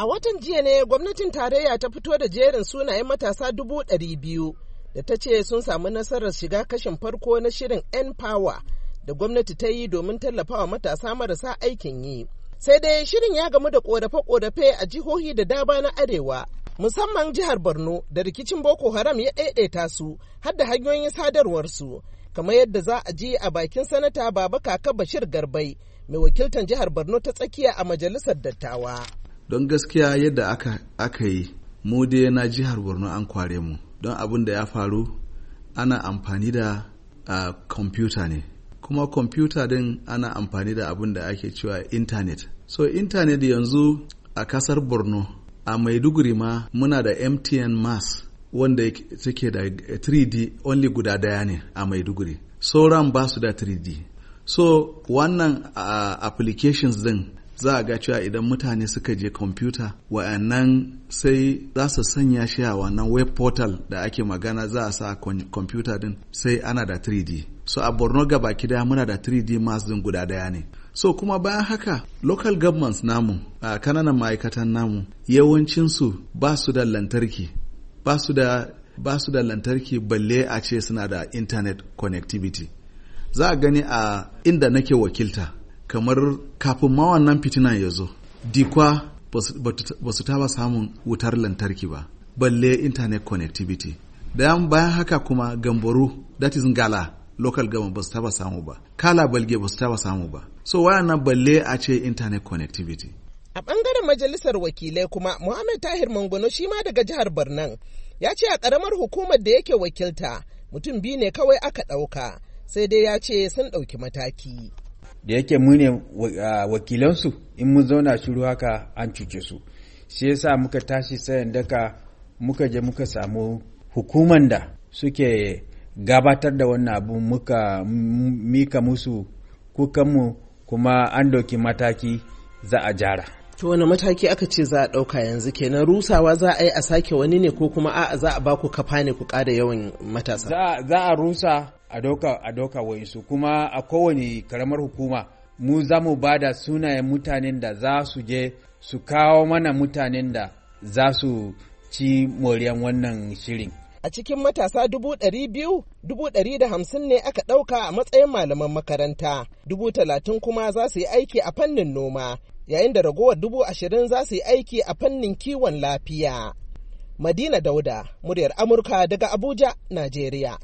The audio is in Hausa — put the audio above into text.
A watan jiya ne gwamnatin tarayya ta fito da jerin sunayen matasa dubu ɗari biyu da ta ce sun samu nasarar shiga kashin farko na shirin n power da gwamnati ta yi domin tallafawa matasa marasa aikin yi. Sai dai shirin ya gamu da ƙorafe-ƙorafe a jihohi da dama na arewa musamman jihar Borno da rikicin Boko Haram ya ɗaiɗaita su har da hanyoyin su, kamar yadda za a ji a bakin sanata Baba Kaka Bashir Garbai mai wakiltar jihar Borno ta tsakiya a majalisar dattawa. don gaskiya yadda aka, aka yi mu dai na jihar borno an kware mu don abin da ya faru ana amfani da kwamfuta ne kuma kwamfuta din ana amfani da abin da ake cewa intanet so intanet yanzu a kasar borno a maiduguri ma muna da mtn mass wanda take da 3d only guda daya ne a maiduguri sauran so, ba su da 3d so wannan uh, applications din za a ga cewa idan mutane suka je kwamfuta wa'annan sai za su sanya shi a wannan web portal da ake magana za a sa kwamfuta din sai ana da 3D so a borno gaba daya muna da 3D mass din guda daya ne so kuma bayan haka local governments namu a kananan ma'aikatan namu yawancinsu ba su da lantarki ba su da ba su da lantarki balle a ce suna da internet connectivity za a gani a inda nake wakilta kamar kafin ma wannan fitina ya zo dikwa ba su taba samun wutar lantarki ba balle internet connectivity 'yan bayan haka kuma gambaru that is ngala local government ba su taba samu ba kala balge ba su taba samu ba so wayannan balle a ce internet connectivity a bangaren majalisar wakilai kuma muhammad tahir mangono shi ma daga jihar barnan ya ce a karamar hukumar da yake wakilta mutum biyu ne kawai aka ɗauka sai dai ya ce sun ɗauki mataki da yake mu ne wakilansu in mun zauna shiru haka an cuce su shi yasa muka tashi sayan daka muka je muka samu hukuman da suke gabatar da wannan abu muka mika musu kukanmu kuma an doki mataki za a jara. To wani mataki aka ce za a ɗauka yanzu kenan rusawa za a yi a sake wani ne ko kuma a'a za a baku kafa ne ku ƙara yawan matasa? Za a rusa a doka wa kuma a kowane karamar hukuma mu za mu ba da sunayen mutanen da za su je su kawo mana mutanen da za su ci moriyan wannan shirin a cikin matasa dubu ɗari biyu dubu ɗari da hamsin ne aka ɗauka a matsayin malaman makaranta dubu talatin kuma za su yi aiki a fannin noma yayin da ragowar dubu ashirin za su yi aiki a fannin kiwon lafiya madina dauda muryar amurka daga abuja najeriya